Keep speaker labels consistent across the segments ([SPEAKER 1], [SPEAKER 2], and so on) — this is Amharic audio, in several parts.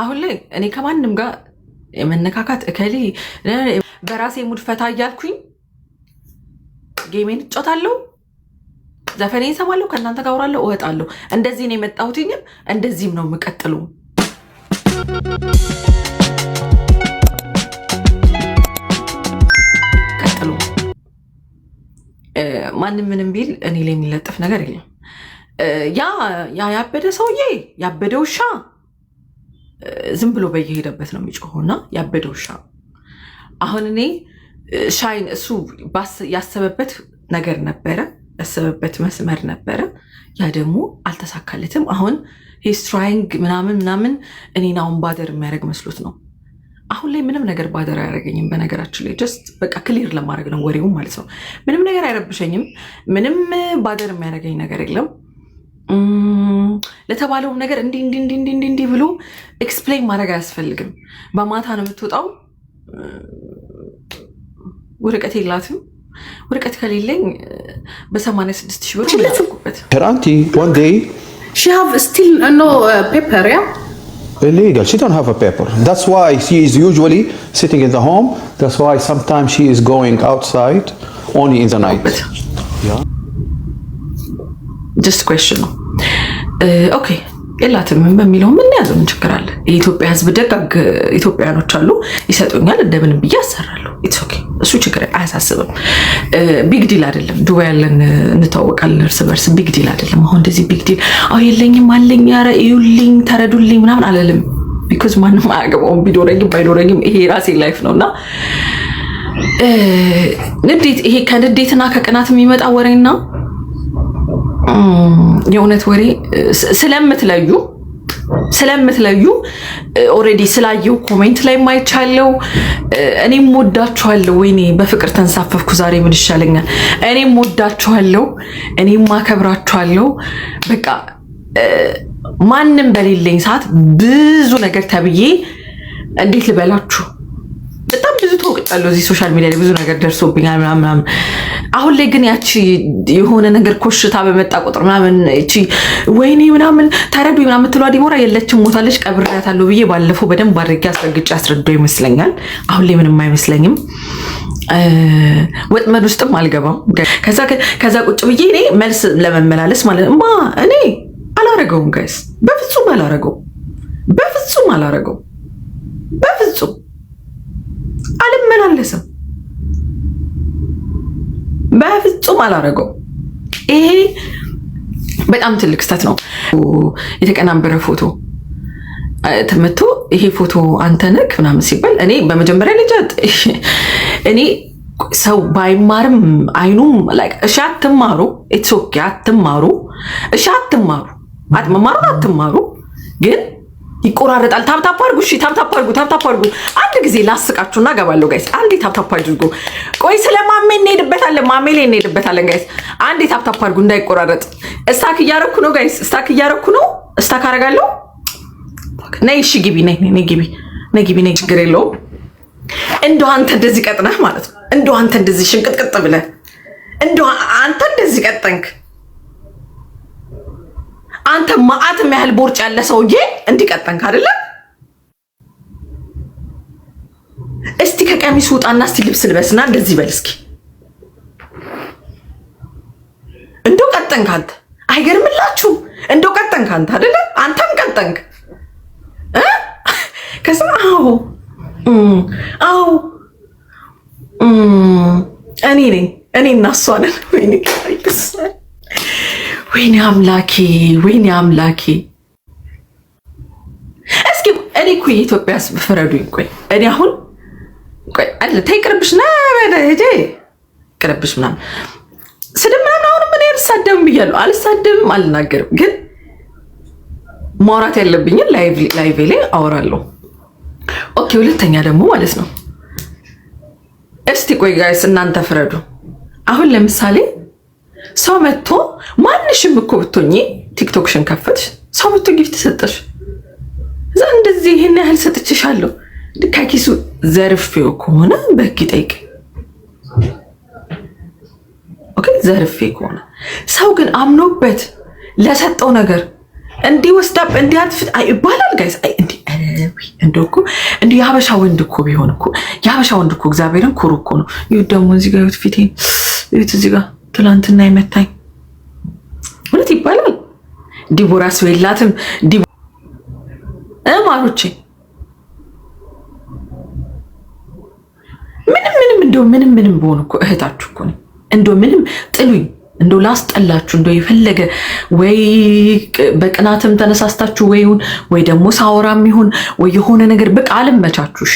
[SPEAKER 1] አሁን ላይ እኔ ከማንም ጋር የመነካካት እከሌ በራሴ ሙድ ፈታ እያልኩኝ ጌሜን እጫወታለሁ፣ ዘፈኔ እሰማለሁ፣ ከእናንተ ጋር አወራለሁ፣ እወጣለሁ። እንደዚህ ነው የመጣሁትኝም እንደዚህም ነው የምቀጥለው። ማንም ምንም ቢል እኔ ላይ የሚለጠፍ ነገር የለም። ያ ያ ያበደ ሰውዬ ያበደ ውሻ ዝም ብሎ በየሄደበት ነው የሚጮኸውና ያበደ ውሻ። አሁን እኔ ሻይን እሱ ያሰበበት ነገር ነበረ፣ ያሰበበት መስመር ነበረ። ያ ደግሞ አልተሳካለትም። አሁን ስትራይንግ ምናምን ምናምን እኔን አሁን ባደር የሚያደርግ መስሎት ነው። አሁን ላይ ምንም ነገር ባደር አያደርገኝም። በነገራችን ላይ ጀስት በቃ ክሊር ለማድረግ ነው ወሬው ማለት ነው። ምንም ነገር አይረብሸኝም። ምንም ባደር የሚያደርገኝ ነገር የለም። ለተባለውም ነገር እንዲህ እንዲህ እንዲህ እንዲህ ብሎ ኤክስፕሌን ማድረግ አያስፈልግም። በማታ ነው የምትወጣው። ውርቀት የላትም። ወረቀት ከሌለኝ በሰማንያ ስድስት ሺህ ብር ላበት ፐራንቲ ዋን ስቲል ኖ ያ ጀስት ኩዌሽን ነው። ኦኬ የላትም በሚለው የምንያዘው ምን ችግር አለ? የኢትዮጵያ ህዝብ ደጋግ ኢትዮጵያውያኖች አሉ፣ ይሰጡኛል እንደምንም ብዬ አሰራለሁ። ኢትስ ኦኬ እሱ ችግር አያሳስብም። ቢግ ዲል አይደለም። ዱባይ ያለን እንተዋወቃለን እርስ በርስ። ቢግ ዲል አይደለም። አሁን እንደዚህ ቢግ ዲል አሁ የለኝም አለኝ ኧረ እዩልኝ ተረዱልኝ ምናምን አለልም። ቢኮዝ ማንም አያገባውም ቢኖረኝም ባይኖረኝም ይሄ ራሴ ላይፍ ነው እና ንዴት ይሄ ከንዴትና ከቅናት የሚመጣ ወሬና የእውነት ወሬ ስለምትለዩ ስለምትለዩ ኦልሬዲ ስላየው ኮሜንት ላይ ማይቻለው እኔም ወዳችኋለሁ። ወይኔ በፍቅር ተንሳፈፍኩ ዛሬ ምን ይሻለኛል? እኔም ወዳችኋለሁ፣ እኔም ማከብራችኋለሁ። በቃ ማንም በሌለኝ ሰዓት ብዙ ነገር ተብዬ እንዴት ልበላችሁ፣ በጣም ብዙ ተወቅጫለሁ። እዚህ ሶሻል ሚዲያ ላይ ብዙ ነገር ደርሶብኛል ምናምን ምናምን አሁን ላይ ግን ያቺ የሆነ ነገር ኮሽታ በመጣ ቁጥር ምናምን እቺ ወይኔ ምናምን ተረዱ ምናምን የምትለዋ ዲቦራ የለችም፣ ሞታለች፣ ቀብሬያታለሁ ብዬ ባለፈው በደንብ አድርጌ አስረግጬ አስረዶ ይመስለኛል። አሁን ላይ ምንም አይመስለኝም። ወጥመድ ውስጥም አልገባም። ከዛ ቁጭ ብዬ እኔ መልስ ለመመላለስ ማለት ማ እኔ አላረገውም፣ ጋይስ በፍጹም አላረገው በፍጹም አላረገው፣ በፍጹም አልመላለስም። በፍጹም አላረገው። ይሄ በጣም ትልቅ ስተት ነው። የተቀናበረ ፎቶ ተመቶ ይሄ ፎቶ አንተ ነህ ምናምን ሲባል እኔ በመጀመሪያ ልጅ እኔ ሰው ባይማርም አይኑም እሺ፣ አትማሩ ኢትስ ኦኬ፣ አትማሩ እሺ፣ አትማሩ መማሩን አትማሩ ግን ይቆራረጣል። ታፕታፕ አድርጉ። እሺ ታፕታፕ አድርጉ። ታፕታፕ አድርጉ። አንድ ጊዜ ላስቃችሁና ገባለሁ ጋይስ። አንዴ ታፕታፕ አድርጉ። ቆይ ስለ ማሜ እንሄድበታለን፣ ማሜ ላይ እንሄድበታለን ጋይስ። አንዴ ታፕታፕ አድርጉ እንዳይቆራረጥ። እስታክ እያረኩ ነው ጋይስ፣ እስታክ እያረኩ ነው። እስታክ አደርጋለሁ። ነይ እሺ፣ ግቢ፣ ነይ፣ ነይ፣ ግቢ፣ ነይ፣ ግቢ፣ ነይ። ችግር የለውም። እንደው አንተ እንደዚህ ቀጥነህ ማለት ነው። እንደው አንተ እንደዚህ ሽንቅጥቅጥ ብለህ እንደው አንተ እንደዚህ ቀጠንክ አንተ ማአት የሚያህል ቦርጭ ያለ ሰውዬ እንዲቀጠንክ አይደለ? እስቲ ከቀሚስ ውጣና እስቲ ልብስ ልበስና እንደዚህ በል እስኪ። እንደው ቀጠንክ አንተ። አይገርምላችሁ? እንደው ቀጠንክ አንተ አይደለ? አንተም ቀጠንክ። ከስም አዎ፣ አዎ እኔ ነኝ እኔ እናሷንን ወይኔ ወይኔ አምላኬ፣ ወይኔ አምላኬ። እስኪ እኔ እኮ የኢትዮጵያ ፍረዱኝ። ቆይ እኔ አሁን አለ ተይ ቅርብሽ ና ሄጄ ቅርብሽ ምናምን ስድብ ምናምን አሁንም እኔ አልሳደብም ብያለሁ። አልሳደብም፣ አልናገርም። ግን ማውራት ያለብኝን ላይቬ ላይ አወራለሁ። ኦኬ ሁለተኛ ደግሞ ማለት ነው። እስቲ ቆይ ጋይስ እናንተ ፍረዱ። አሁን ለምሳሌ ሰው መጥቶ ማንሽም እኮ ብትሆኚ ቲክቶክሽን ከፈትሽ፣ ሰው መጥቶ ጊፍት ሰጠሽ። እዛ እንደዚህ ይህን ያህል ሰጥችሻለሁ ከኪሱ ዘርፌው ከሆነ በህግ ይጠይቅ። ኦኬ ዘርፌ ከሆነ ሰው ግን አምኖበት ለሰጠው ነገር እንዲህ ወስዳብ እንዲህ አትፍት ይባላል። ጋይስ እንደ እኮ እንዲህ የሀበሻ ወንድ እኮ ቢሆን እኮ የሀበሻ ወንድ እኮ እግዚአብሔርን ኩሩ እኮ ነው። ይሁት ደግሞ እዚህ ጋር ይሁት ፊቴ ይሁት እዚህ ጋር ትላንትና የመታኝ እውነት ይባላል። ዲቦራስ የላትም ማሮቼ ምንም ምንም እንደው ምንም ምንም በሆኑ እኮ እህታችሁ እኮ ነኝ። እንደው ምንም ጥሉኝ እንደው ላስጠላችሁ እንደው የፈለገ ወይ በቅናትም ተነሳስታችሁ ወይሁን ወይ ደግሞ ሳወራም ይሁን ወይ የሆነ ነገር በቃ አልመቻችሁሽ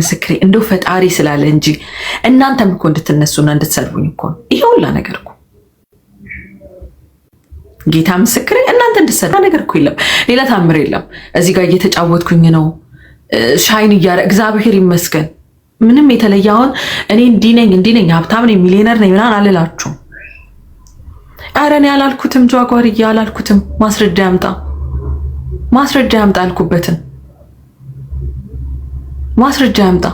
[SPEAKER 1] ምስክሬ እንደው ፈጣሪ ስላለ እንጂ እናንተም እኮ እንድትነሱና እንድትሰድቡኝ እኮ ይሄ ሁላ ነገር እኮ ጌታ ምስክሬ እናንተ እንድትሰድቡ ነገር እኮ የለም። ሌላ ታምር የለም። እዚህ ጋር እየተጫወትኩኝ ነው ሻይን እያረ እግዚአብሔር ይመስገን። ምንም የተለየ አሁን እኔ እንዲህ ነኝ እንዲህ ነኝ ሀብታም ነኝ ሚሊዮነር ነኝ ምናምን አልላችሁም። ኧረ እኔ አላልኩትም፣ ጃጓርዬ አላልኩትም። ማስረዳ ያምጣ ማስረዳ ያምጣ አልኩበትን ማስረጃ ያምጣ።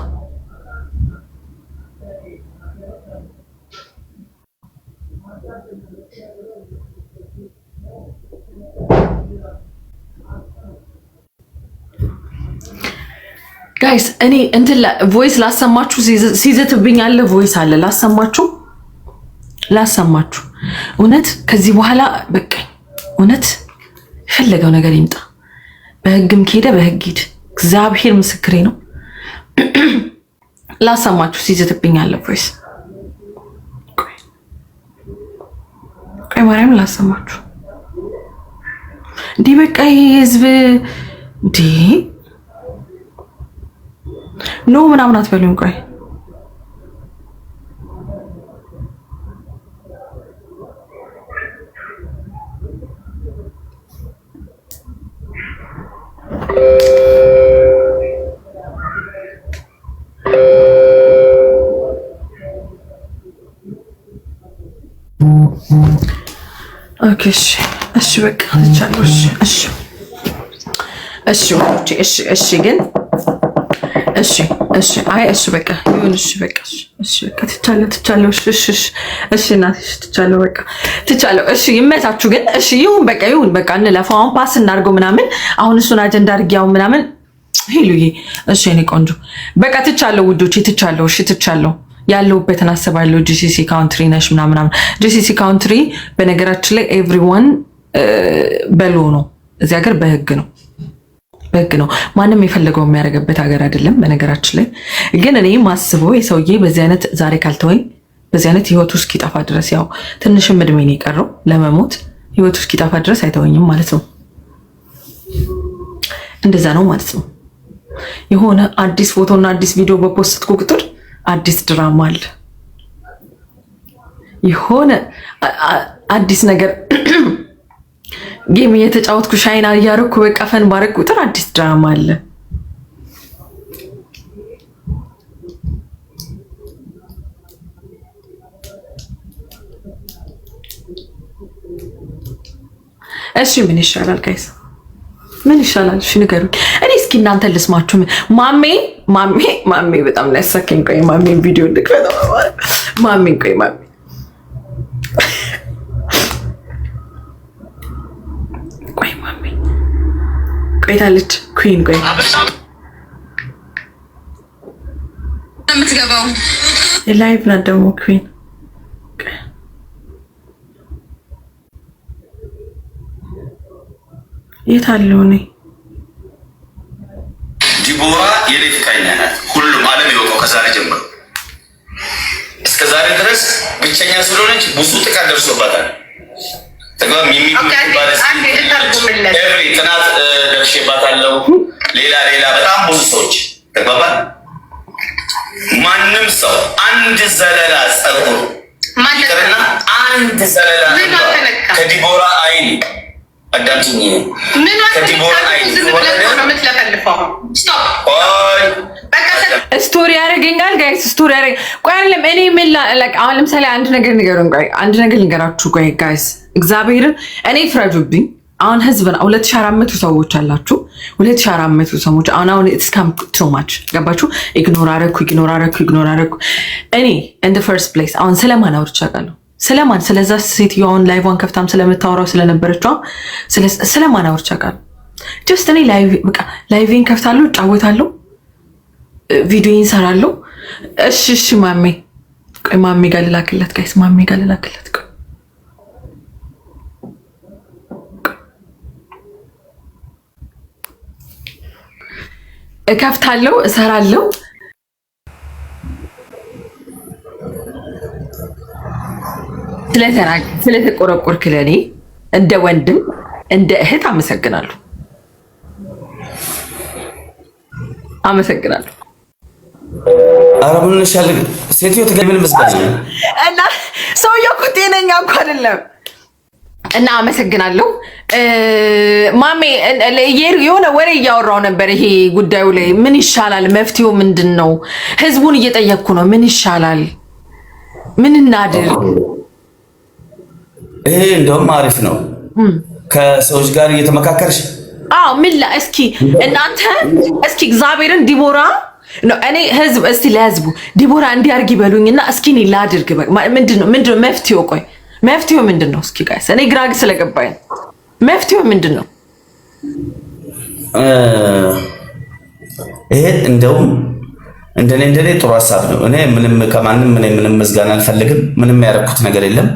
[SPEAKER 1] ጋይስ እኔ እንትን ቮይስ ላሰማችሁ፣ ሲዘትብኝ ያለ ቮይስ አለ ላሰማችሁ፣ ላሰማችሁ። እውነት ከዚህ በኋላ በቃኝ። እውነት የፈለገው ነገር ይምጣ። በህግም ከሄደ በህግ ሂድ። እግዚአብሔር ምስክሬ ነው። ላሰማችሁ ሲዝትብኝ አለ ቮይስ። ቆይ ማርያም ላሰማችሁ። እንዲህ በቃ ይህ ህዝብ እንዲ ኖ ምናምን አትበሉኝ። ቆይ እሺ በቃ ትቻለሽ። እሺ እሺ ወንዶቼ እሺ እሺ ግን እሺ እሺ አይ እሺ በቃ ይሁን። እሺ በቃ እሺ በቃ ትቻለሁ ትቻለሁ። እሺ እሺ እሺ እናት እሺ ትቻለሁ በቃ ትቻለሁ። እሺ ይመታችሁ ግን እሺ ይሁን በቃ ይሁን በቃ እንለፈው። አሁን ፓስ እናድርገው ምናምን አሁን እሱን አጀንዳ አድርጊያው ምናምን ሄሉዬ እሺ የእኔ ቆንጆ በቃ ትቻለሁ ውዶቼ ትቻለሁ። እሺ ትቻለሁ። ያለውበትን አስባለሁ። ጂሲሲ ካውንትሪ ነሽ ምናምናምን። ጂሲሲ ካውንትሪ በነገራችን ላይ ኤቭሪዋን በሎ ነው እዚህ ሀገር በህግ ነው በህግ ነው። ማንም የፈለገው የሚያደርገበት ሀገር አይደለም። በነገራችን ላይ ግን እኔ ማስበው የሰውዬ በዚህ አይነት ዛሬ ካልተወኝ በዚህ አይነት ህይወቱ እስኪጠፋ ድረስ ያው ትንሽም እድሜን የቀረው ለመሞት ህይወቱ እስኪጠፋ ድረስ አይተወኝም ማለት ነው። እንደዛ ነው ማለት ነው። የሆነ አዲስ ፎቶና አዲስ ቪዲዮ በፖስት ቁጥር አዲስ ድራማ አለ፣ የሆነ አዲስ ነገር ጌም እየተጫወትኩ ሻይና እያደረኩ በቃ ፈን ባረግ ቁጥር አዲስ ድራማ አለ። እሺ ምን ይሻላል ጋይስ? ምን ይሻላል? እሺ ንገሩኝ። እኔ እስኪ እናንተ ልስማችሁ። ማሜ ማሜ ማሜ በጣም ላይ ያሳከኝ። ቆይ ማሜ ቪዲዮ ልክፈት። ማሜ ቆይ ማሜ ቆይ ማሜ ቆይታለች። ኩን ቆይ ላይቭ ናት ደግሞ ኩን የት አለው ዲቦራ የኔ ፍቃኛ ናት። ሁሉም ዓለም ይወቀው ከዛሬ ጀምሮ እስከ ዛሬ ድረስ ብቸኛ ስለሆነች ብዙ ጥቃት ደርሶባታል። ጥቅም ጥናት ደርሼባታለሁ። ሌላ ሌላ በጣም ብዙ ሰዎች ማንም ሰው አንድ ዘለላ ጸጉር ይቅርና አንድ ዘለላ ከዲቦራ አይን አዳምጪኝ። ስቶሪ ያደርገኛል ጋይስ፣ ስቶሪ እኔ ምን አሁን ለምሳሌ አንድ ነገር ንገሩን። ቆይ አንድ ነገር ቆይ ጋይስ፣ እግዚአብሔርን እኔ ፍረዱብኝ። አሁን ህዝብ ነው ሰዎች አላችሁ። ሰዎች አሁን አሁን ቱ ማች ገባችሁ? ኢግኖር አደረኩ፣ ኢግኖር አደረኩ፣ ኢግኖር አደረኩ። እኔ ኢን ዘ ፈርስት ፕሌስ አሁን ስለማን ስለማን? ስለዛ ሴትዮዋን ላይቫን ከፍታም ስለምታወራው ስለነበረችዋ ስለማን አውርቻ ጋር ጀስት እኔ ላይቬን ከፍታለሁ፣ እጫወታለሁ፣ ቪዲዮ እሰራለሁ። እሺ እሺ፣ ማሜ ቆይ፣ ማሜ ጋር ልላክለት፣ ጋይስ፣ ማሜ ጋር ልላክለት። እከፍታለሁ፣ እሰራለሁ ስለተቆረቆርክ ለእኔ እንደ ወንድም እንደ እህት አመሰግናለሁ፣ አመሰግናለሁ። ኧረ ምን ሴትዮ ትገቢን መስጋኝ እና ሰውዬው እኮ ጤነኛ እኮ አይደለም። እና አመሰግናለሁ ማሜ። የሆነ ወሬ እያወራው ነበር ይሄ ጉዳዩ ላይ ምን ይሻላል? መፍትሄው ምንድን ነው? ህዝቡን እየጠየቅኩ ነው። ምን ይሻላል? ምን እናድር? ይሄ እንደውም አሪፍ ነው። ከሰዎች ጋር እየተመካከርሽ አዎ እስኪ እናንተ እስኪ እግዚአብሔርን ዲቦራ እኔ ህዝብ እስቲ ለህዝቡ ዲቦራ እንዲያርግ ይበሉኝና እስኪ እኔ ላድርግ። ምንድነው ምንድነው መፍትሄው? ቆይ መፍትሄው ምንድን ነው? እስኪ ጋይስ እኔ ግራግ ስለገባኝ መፍትሄው ምንድን ነው? ይሄ እንደውም እንደኔ እንደኔ ጥሩ ሀሳብ ነው። እኔ ምንም ከማንም ምንም ምንም አልፈልግም። ምንም ያደረኩት ነገር የለም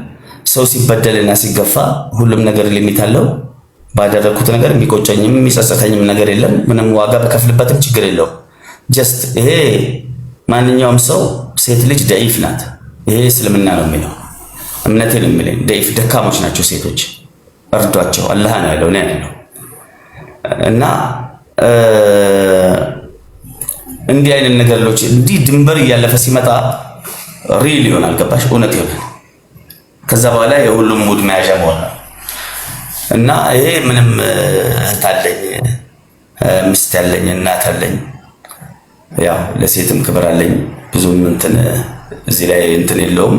[SPEAKER 1] ሰው ሲበደልና ሲገፋ ሁሉም ነገር ሊሚት አለው። ባደረግኩት ነገር የሚቆጨኝም የሚጸጸተኝም ነገር የለም። ምንም ዋጋ በከፍልበትም ችግር የለው። ጀስት ይሄ ማንኛውም ሰው ሴት ልጅ ደኢፍ ናት። ይሄ እስልምና ነው የሚለው እምነቴ ነው የሚለኝ። ደኢፍ ደካሞች ናቸው ሴቶች፣ እርዷቸው። አላህ ነው ያለው ያለው እና እንዲህ አይነት ነገሮች እንዲህ ድንበር እያለፈ ሲመጣ ሪል ይሆናል። ገባሽ? እውነት ይሆናል። ከዛ በኋላ የሁሉም ሙድ መያዣ መሆን ነው እና ይሄ ምንም እህት አለኝ፣ ሚስት ያለኝ፣ እናት አለኝ። ያው ለሴትም ክብር አለኝ። ብዙም እንትን እዚህ ላይ እንትን የለውም።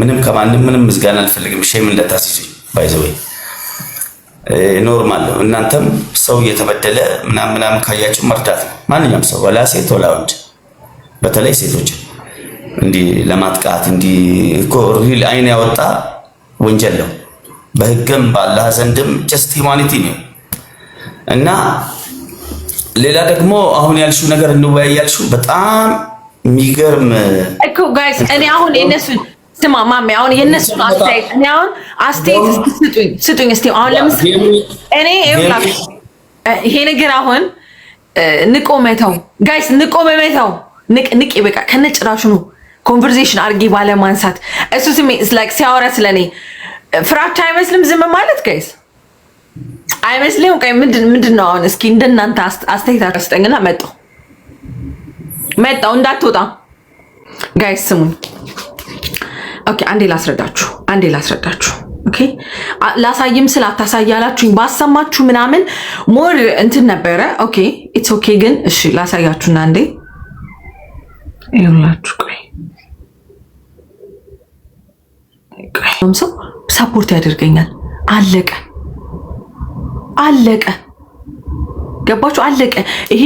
[SPEAKER 1] ምንም ከማንም ምንም ምዝጋና አልፈልግም። ሼም እንዳታስይዙ ባይዘወይ ኖርማል ነው። እናንተም ሰው እየተበደለ ምናምን ምናምን ካያችሁ መርዳት ነው። ማንኛውም ሰው ወላ ሴት ወላ ወንድ፣ በተለይ ሴቶችን እንዲህ ለማጥቃት እንዲህ እኮ ሪል አይን ያወጣ ወንጀል ነው። በህግም በአላህ ዘንድም ጀስት ሂማኒቲ ነው እና ሌላ ደግሞ አሁን ያልሽው ነገር እንወያይ ያልሽው በጣም የሚገርም እኮ ጋይስ፣ እኔ አሁን የነሱ ስማ ማሚ፣ አሁን የነሱ አስተያየት እኔ አሁን አስተያየት ስጡኝ ስጡኝ እስቲ አሁን ለምሳሌ እኔ ይሄ ነገር አሁን ንቆ መተው ጋይስ፣ ንቆ መመተው ንቅ ንቅ፣ በቃ ከነጭራሹ ነው ኮንቨርሴሽን አድርጌ ባለማንሳት እሱ ስሜ ሲያወራ ስለኔ ፍራቻ አይመስልም። ዝም ማለት ጋይስ አይመስልም። ቆይ ምንድን ነው አሁን? እስኪ እንደናንተ አስተያየታችሁ ስጠኝና መጣሁ መጣሁ እንዳትወጣ ጋይስ ስሙን። ኦኬ አንዴ ላስረዳችሁ፣ አንዴ ላስረዳችሁ። ኦኬ ላሳይም ስለ አታሳያላችሁኝ ባሰማችሁ ምናምን ሞር እንትን ነበረ። ኦኬ ኢትስ ኦኬ ግን እሺ ላሳያችሁና እንዴ ይኸውላችሁ ቆይ ሰው ሰፖርት ያደርገኛል። አለቀ አለቀ። ገባችሁ? አለቀ። ይሄ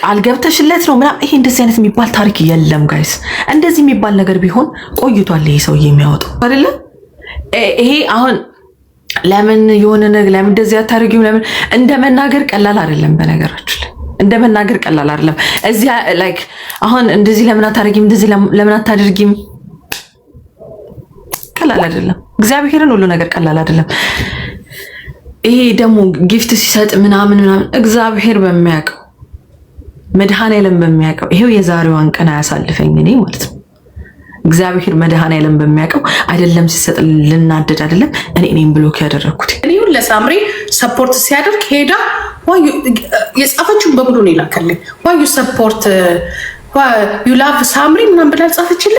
[SPEAKER 1] ቃል ገብተሽለት ነው ምናምን፣ ይሄ እንደዚህ አይነት የሚባል ታሪክ የለም ጋይስ። እንደዚህ የሚባል ነገር ቢሆን ቆይቷል። ይሄ ሰውዬ የሚያወጣው አይደለ ይሄ አሁን ለምን የሆነ ነገር ለምን እንደዚህ አታደርጊው ለምን እንደ መናገር ቀላል አይደለም። በነገራችሁ ላይ እንደ መናገር ቀላል አይደለም። እዚያ ላይክ አሁን እንደዚህ ለምን አታደርጊም እንደዚህ ለምን አታደርጊም ቀላል አይደለም። እግዚአብሔርን ሁሉ ነገር ቀላል አይደለም። ይሄ ደግሞ ጊፍት ሲሰጥ ምናምን ምናምን እግዚአብሔር በሚያውቀው መድኃኔዓለም በሚያውቀው ይሄው የዛሬዋን ቀን አያሳልፈኝ እኔ ማለት ነው። እግዚአብሔር መድኃኔዓለም በሚያውቀው አይደለም ሲሰጥ ልናደድ አይደለም። እኔ እኔም ብሎክ ያደረግኩት እኔውን ለሳምሪ ሰፖርት ሲያደርግ ሄዳ የጻፈችውን በሙሉ ነው ይላከልኝ ዋዩ ሰፖርት ዩ ላቭ ሳምሪ ምናምን ብላ ጻፈችልኝ።